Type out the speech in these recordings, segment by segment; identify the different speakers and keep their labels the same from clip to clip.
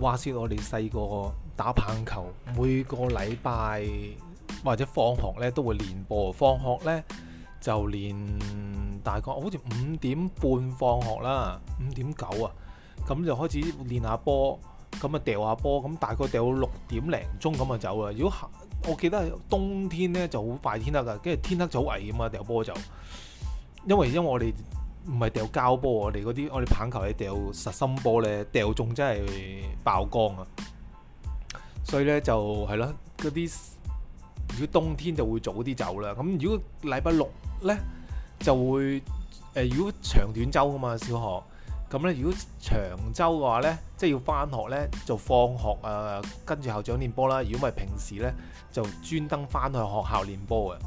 Speaker 1: 話説我哋細個打棒球，每個禮拜或者放學咧都會練波。放學咧就練大概好似五點半放學啦，五點九啊，咁就開始練下波，咁啊掉下波，咁大概掉到六點零鐘咁啊走啦。如果我記得冬天咧就好快天黑噶，跟住天黑就好危險啊掉波就，因為因為我哋。唔係掉膠波，我哋嗰啲我哋棒球係掉實心波咧，掉中真係爆光啊！所以咧就係咯，嗰啲如果冬天就會早啲走啦。咁如果禮拜六咧就會誒、呃，如果長短周啊嘛小學，咁咧如果長周嘅話咧，即係要翻學咧就放學啊，跟住校長練波啦。如果唔係平時咧就專登翻去學校練波嘅。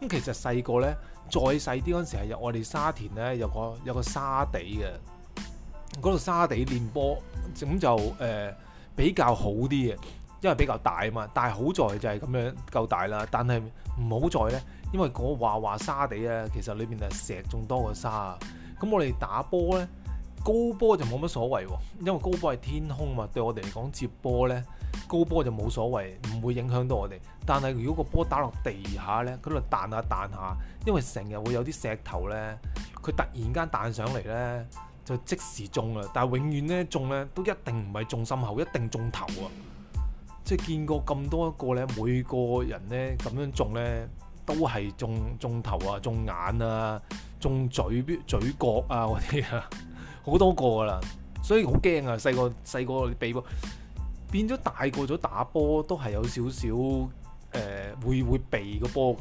Speaker 1: 咁其實細個咧，再細啲嗰陣時係有我哋沙田咧，有個有個沙地嘅，嗰、那、度、個、沙地練波，咁就誒、呃、比較好啲嘅，因為比較大啊嘛。但係好在就係咁樣夠大啦，但係唔好在咧，因為嗰個話話沙地啊，其實裏面係石仲多過沙啊。咁我哋打波咧，高波就冇乜所謂喎、啊，因為高波係天空啊嘛，對我哋嚟講接波咧。高波就冇所謂，唔會影響到我哋。但係如果個波打落地下呢，佢度彈下彈下，因為成日會有啲石頭呢，佢突然間彈上嚟呢，就即時中啦。但係永遠呢，中呢都一定唔係中心口，一定中頭啊！即係見過咁多一個呢，每個人呢咁樣中呢，都係中中頭啊，中眼啊，中嘴嘴角啊嗰啲啊，好多個啦。所以好驚啊，細個細個鼻波。變咗大個咗打波都係有少少誒，會會避個波，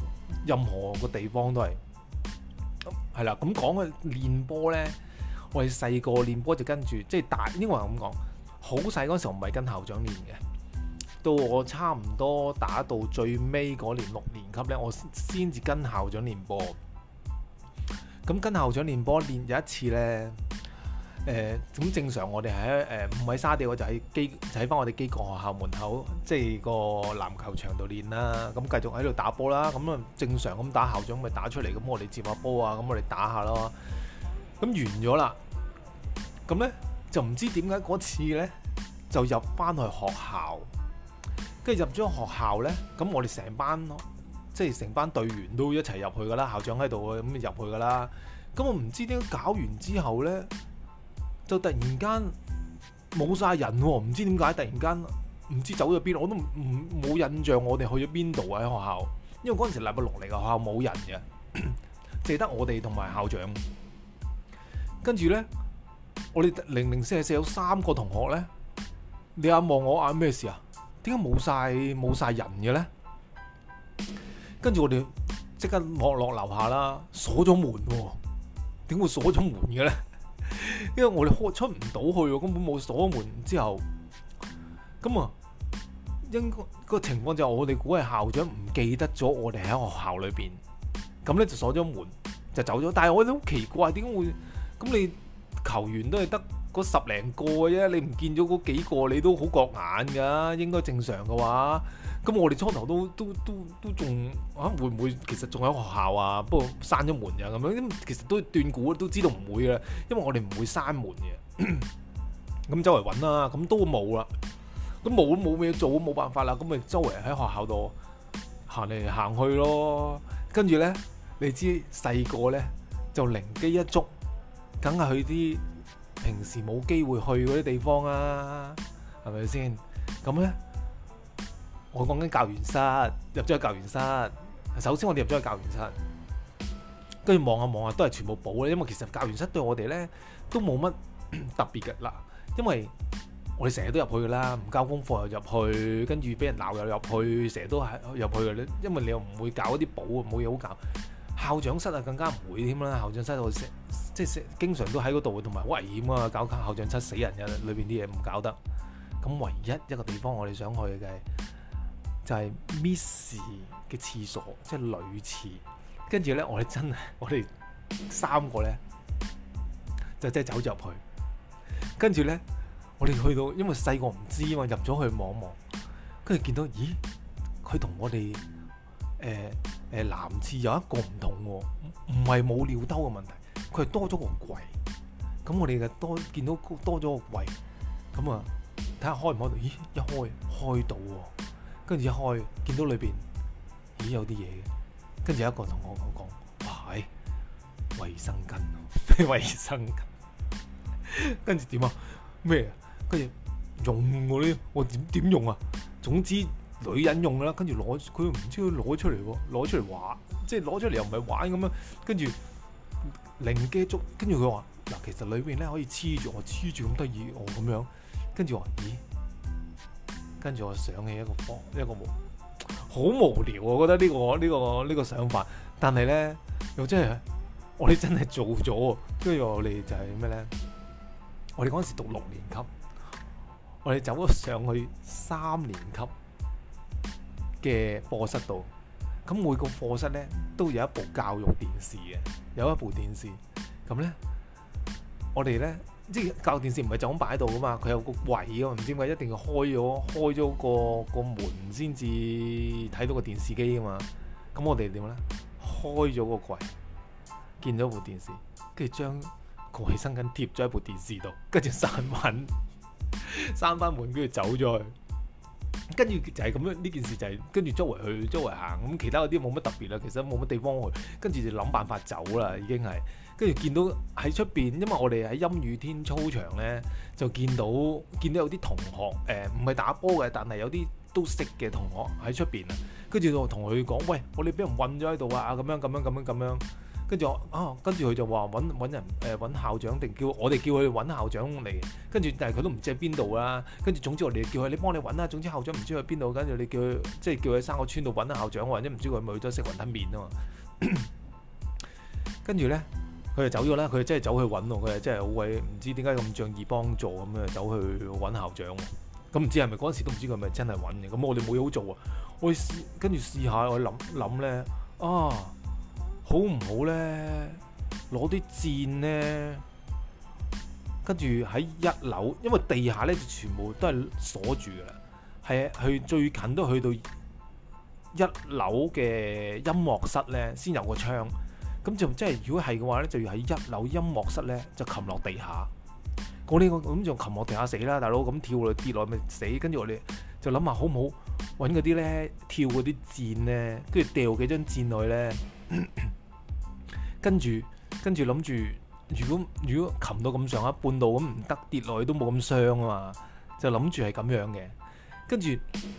Speaker 1: 任何個地方都係係啦。咁講嘅練波呢，我哋細個練波就跟住即係大，應該係咁講。好細嗰時候唔係跟校長練嘅，到我差唔多打到最尾嗰年六年級呢，我先至跟校長練波。咁跟校長練波練有一次呢。誒、呃、咁正常我們在，我哋喺誒唔喺沙地，我就喺機喺翻我哋機械學校門口，即、就、係、是、個籃球場度練啦。咁繼續喺度打波啦。咁啊正常咁打，校長咪打出嚟咁，我哋接下波啊。咁我哋打下咯。咁完咗啦。咁咧就唔知點解嗰次咧就入翻去學校，跟住入咗學校咧，咁我哋成班囉，即係成班隊員都一齊入去噶啦。校長喺度啊，咁入去噶啦。咁我唔知點搞完之後咧。就突然間冇晒人，唔知點解突然間唔知走咗邊，我都唔冇印象我哋去咗邊度啊，喺學校，因為嗰陣時禮拜六嚟嘅，學校冇人嘅，淨係得我哋同埋校長。跟住咧，我哋零零四四有三個同學咧，你一眼望我一眼，咩事啊？點解冇晒冇晒人嘅咧？跟住我哋即刻望落樓下啦，鎖咗門喎，點會鎖咗門嘅咧？因為我哋出唔到去，根本冇鎖門。之後咁啊，應該嗰個情況就係我哋估係校長唔記得咗，我哋喺學校裏邊，咁咧就鎖咗門就走咗。但係我覺得好奇怪，點解會咁？你球員都係得嗰十零個嘅啫，你唔見咗嗰幾個，你都好覺眼噶。應該正常嘅話。咁我哋初頭都都都都仲嚇會唔會其實仲喺學校啊？不過閂咗門呀，咁樣，咁其實都斷估都知道唔會嘅，因為我哋唔會閂門嘅。咁周圍揾啦，咁都冇啦。咁冇都冇咩做，冇辦法啦。咁咪周圍喺學校度行嚟行去咯。跟住咧，你知細個咧就靈機一觸，梗係去啲平時冇機會去嗰啲地方啊？係咪先？咁咧？我講緊教員室，入咗去教員室。首先我哋入咗去教員室，跟住望下望下都係全部補啦。因為其實教員室對我哋咧都冇乜特別嘅啦。因為我哋成日都入去啦，唔交功課又入去，跟住俾人鬧又入去，成日都係入去嘅。因為你又唔會搞一啲補，冇嘢好搞。校長室啊更加唔會添啦。校長室我成即係成經常都喺嗰度，同埋好危險啊！搞卡校長室死人嘅，裏邊啲嘢唔搞得。咁唯一一個地方我哋想去嘅係，就係 Miss 嘅廁所，即係女廁。跟住咧，我哋真係我哋三個咧，就即係走入入去。跟住咧，我哋去到，因為細個唔知嘛，入咗去望望，跟住見到，咦？佢同我哋誒誒男廁有一個唔同喎，唔係冇尿兜嘅問題，佢係多咗個櫃。咁我哋就多見到多咗個櫃，咁啊睇下開唔開到？咦，一開開到喎。跟住一開，見到裏邊咦有啲嘢，跟住一個同我講：喂，衛生巾啊，咩衛生巾。跟住點啊？咩啊？跟住用嗰啲，我點點用啊？總之女人用啦。跟住攞，佢唔知佢攞出嚟，攞出嚟玩，即係攞出嚟又唔係玩咁樣。跟住靈機一觸，跟住佢話嗱，其實裏邊咧可以黐住我，黐住咁得意哦咁樣。跟住話，咦？跟住我上起一個課，一個無好無聊、啊，我覺得呢、呢個呢、呢個呢、呢個想法。但係咧又真係，我哋真係做咗。跟住我哋就係咩咧？我哋嗰時讀六年級，我哋走咗上去三年級嘅課室度。咁每個課室咧都有一部教育電視嘅，有一部電視。咁咧，我哋咧。即係教育電視唔係就咁擺喺度噶嘛，佢有個櫃噶嘛，唔知點解一定要開咗開咗個個門先至睇到個電視機噶嘛。咁我哋點咧？開咗個櫃，見到部電視，跟住將蓋起身緊貼咗喺部電視度，跟住閂門，閂翻門跟住走咗去。跟住就係咁樣呢件事就係跟住周圍去周圍行，咁其他嗰啲冇乜特別啦。其實冇乜地方去，跟住就諗辦法走啦，已經係。跟住見到喺出邊，因為我哋喺陰雨天操場咧，就見到見到有啲同學誒，唔係打波嘅，但係有啲都識嘅同學喺出邊啊。就跟住我同佢講，喂，我哋俾人揾咗喺度啊！咁樣咁樣咁樣咁樣。跟住我啊，跟住佢就話揾人誒，揾校長定叫我哋叫佢揾校長嚟。跟住但係佢都唔知喺邊度啊。跟住總之我哋叫佢你幫你揾啦、啊。總之校長唔知去邊度，跟住你叫佢即係叫佢喺三個村度揾、啊、校長。或者唔知佢咪去咗食雲吞麵啊嘛。跟住咧。 佢就走咗啦，佢就真係走去揾我，佢真係好鬼唔知點解咁仗義幫助咁啊走去揾校長，咁唔知係咪嗰陣時都唔知佢係咪真係揾嘅，咁我哋冇嘢好做啊，我試跟住試下，我諗諗咧啊，好唔好咧？攞啲箭咧，跟住喺一樓，因為地下咧就全部都係鎖住嘅啦，係去最近都去到一樓嘅音樂室咧，先有個窗。咁就即係如果係嘅話咧，就要喺一樓音樂室咧就擒落地下。我呢個咁就擒落地下死啦，大佬，咁跳落跌落咪死？跟住我哋就諗下好唔好揾嗰啲咧跳嗰啲箭咧，跟住掉幾張箭落去咧。跟住跟住諗住，如果如果擒到咁上下半路咁唔得，跌落去都冇咁傷啊嘛。就諗住係咁樣嘅。跟住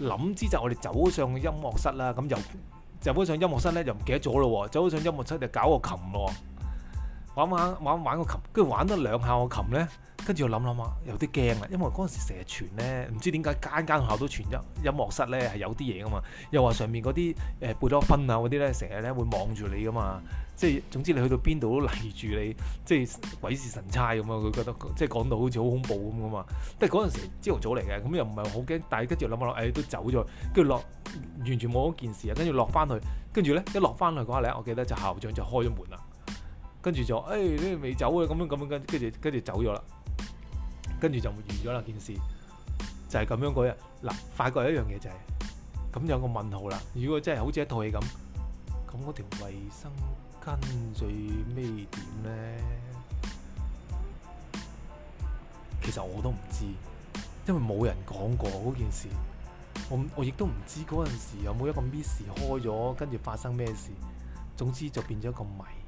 Speaker 1: 諗之就我哋走上音樂室啦。咁又。就本上音樂室咧就唔記得咗咯喎，基本上音樂室就搞個琴咯。玩玩玩玩個琴，跟住玩咗兩下我琴咧，跟住我諗諗下，有啲驚啦，因為嗰陣時成日傳咧，唔知點解間間學校都傳音音樂室咧係有啲嘢噶嘛，又話上面嗰啲誒貝多芬啊嗰啲咧成日咧會望住你噶嘛，即係總之你去到邊度都嚟住你，即係鬼使神差咁啊！佢覺得即係講到好似好恐怖咁啊嘛，但係嗰陣時朝頭早嚟嘅，咁又唔係好驚，但係跟住諗諗，誒、哎、都走咗，跟住落完全冇嗰件事啊，跟住落翻去，跟住咧一落翻去嗰一刻，我記得就校長就開咗門啦。跟住就，誒、哎，你未走啊？咁樣咁樣跟跟住跟住走咗啦。跟住就完咗啦件事，就係、是、咁樣嗰日。嗱，發覺一樣嘢就係、是，咁有個問號啦。如果真係好似一套戲咁，咁嗰條衞生巾最尾點咧？其實我都唔知，因為冇人講過嗰件事。我我亦都唔知嗰陣時有冇一個 miss 開咗，跟住發生咩事。總之就變咗一個謎。